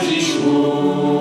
Jesus.